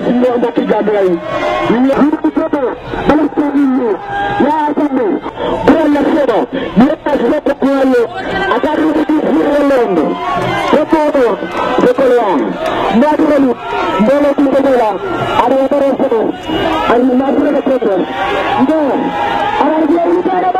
gunung batu jagai ini hidup berpuluh betul betul ada terus ada ada yang tidak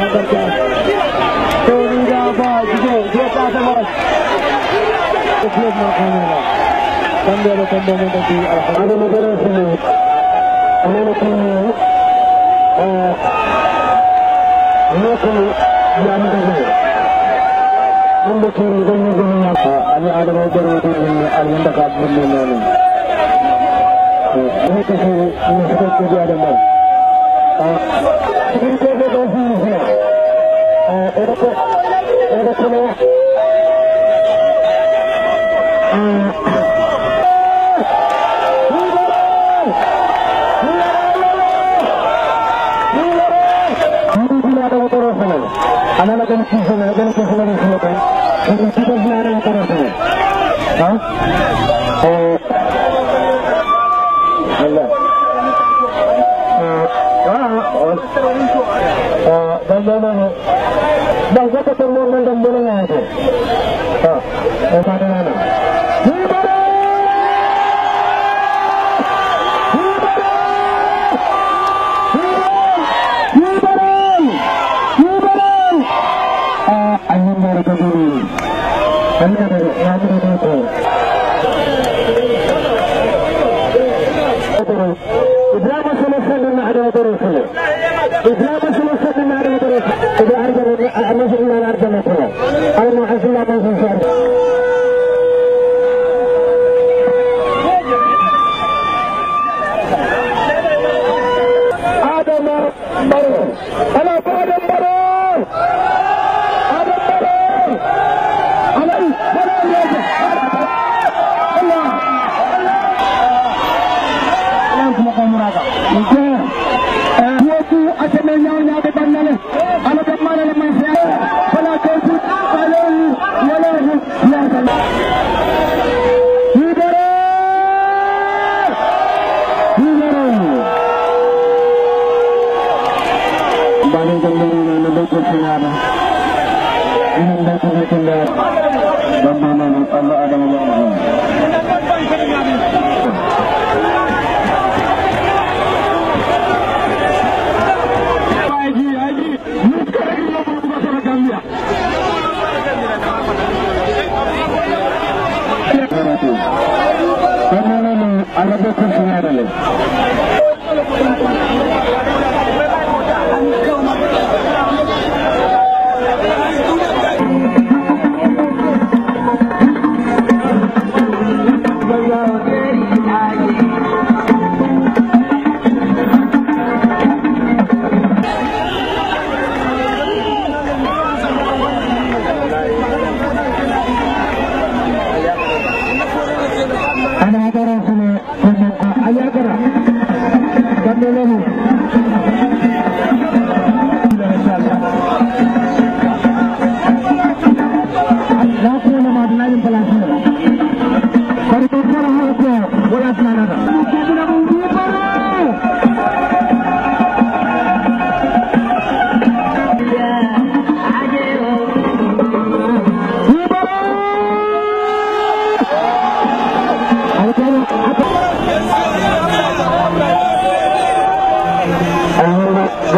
yaparken doğru müdafaa güzel Diyosatı var. Okuyor makamına. Kandiyada kandiyadaki adamı görüyorsunuz. Amerika'nın Amerika'nın yanında Bundaki yüzünün yapma. Ali adamı görüyorsunuz. Alman'da kalbinin yanı. Bu kişi müstakil bir adamı. Bu kişi eres, eres una... Anak-anak yang sisa, anak-anak yang sisa, anak-anak yang sisa, anak-anak Eh? sisa, Ah, anak Ah, sisa, anak-anak ndax goto ko mo non dum bolo ngaade ha Baru kenduri lalu buku sinara. Ini buku kendar. Bambana Allah ada Allah. Thank you.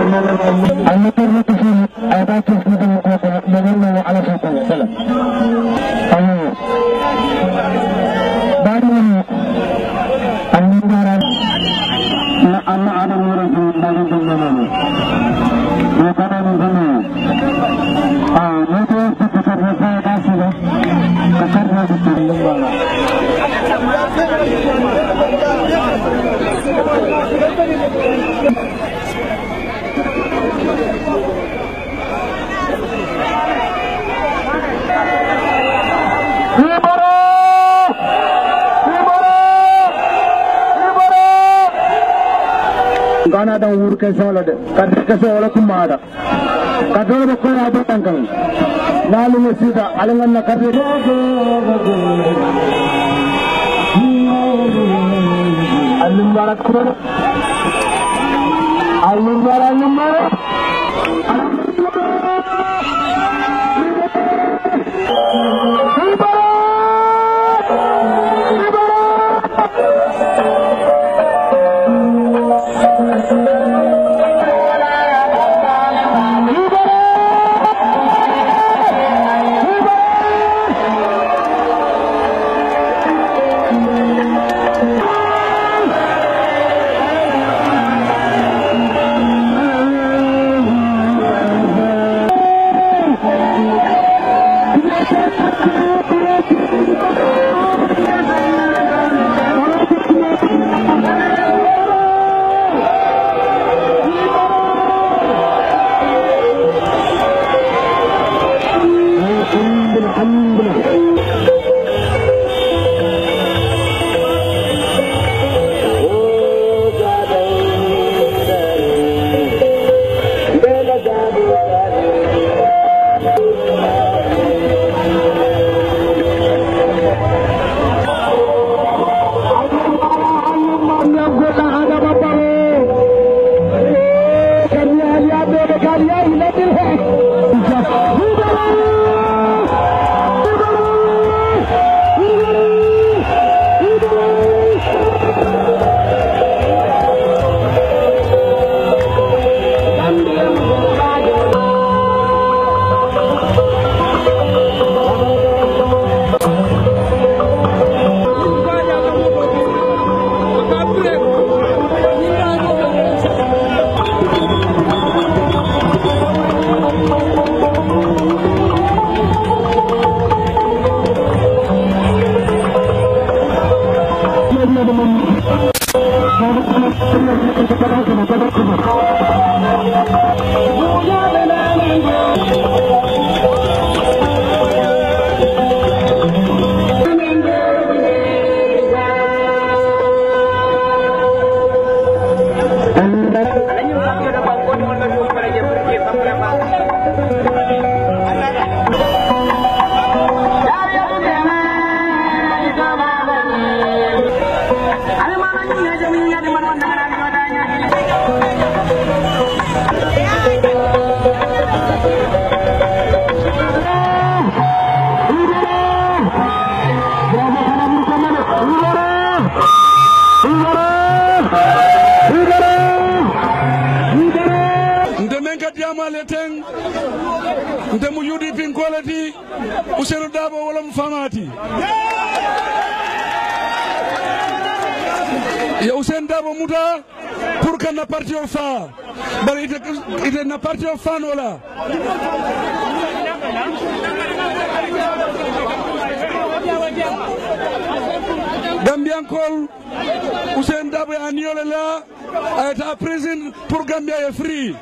Allah terhutusin atas kesempatan kita dengan mengalami alasan salam. da wur ke solo de kar ke solo kumada kadol ko ra ba tankan nalu ne sida alangan na kar allum wala kuro allum wala allum wala Thank you. Thank you. famaleten nte mo udpinkoole ti usenu daabo wolom famati yo usen daabo muta pour que na parti faa bari ite na parti o faano la gambiyankol usen daabo aniyole la ayta prison pour gambia ye free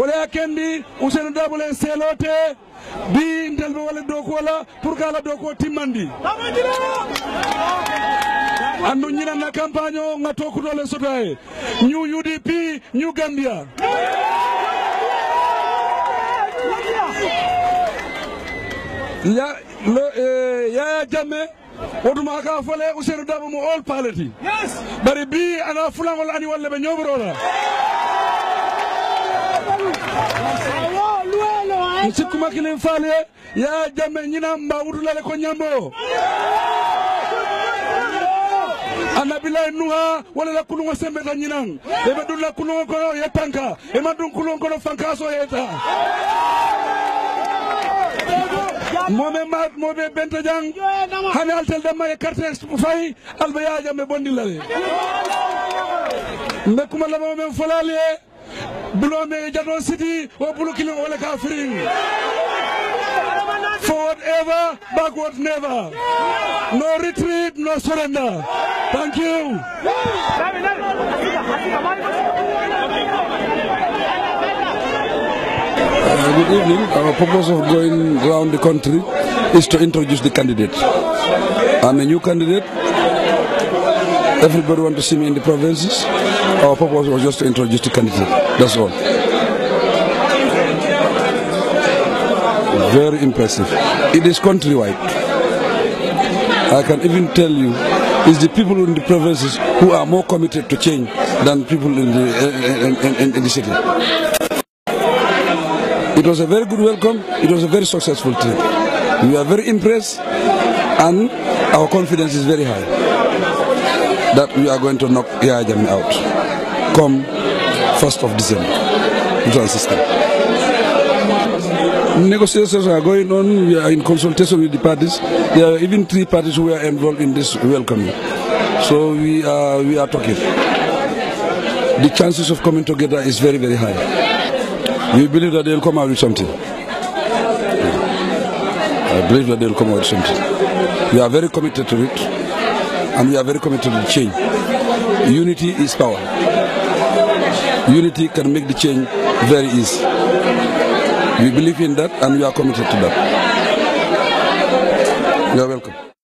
walakin mbi useno dabole seelote mbi ndelɓe walla dow ko wala pour que ala dow ko timmandi anndu ñinanna campagne o gatto kudole sota e ñu udp ñu gambia ya eh, yaya jamme wotuma ka fole useenu daba mo ol paalati bari bi ana fulaŋol ani walla ɓe la mi sikkuma kilin ya jamme ñinan mba wutulale ko ñambo annabilayi nuha la kuluŋo sembeta ñinan eɓe ɗum la kuluŋo kono yettanka ema ɗum kono fankaso yeta moɓe maɓe moɓe benta jang hade altel damma e quartier fayi alba yajam e bondillale bekkuma laɓamo men folali e bulome e jadon sidi o bulokilin wala ka firin forward ever backward never no retreat no surrender thank you uh, good evening. Our purpose of going around the country is to introduce the candidate. I'm a new candidate. Everybody want to see me in the provinces. Our purpose was just to introduce the candidate. That's all. Very impressive. It is countrywide. I can even tell you, it's the people in the provinces who are more committed to change than people in the, in, in, in the city. It was a very good welcome. It was a very successful trip. We are very impressed and our confidence is very high that we are going to knock Yajami out come 1st of December Negotiations are going on. We are in consultation with the parties. There are even three parties who are involved in this welcoming. So we are, we are talking. The chances of coming together is very, very high. We believe that they'll come out with something. I believe that come out something. We are very committed to it, and we are very committed to change. Unity is power. Unity can make the change very easy. We believe in that, and we are committed to that. You are welcome.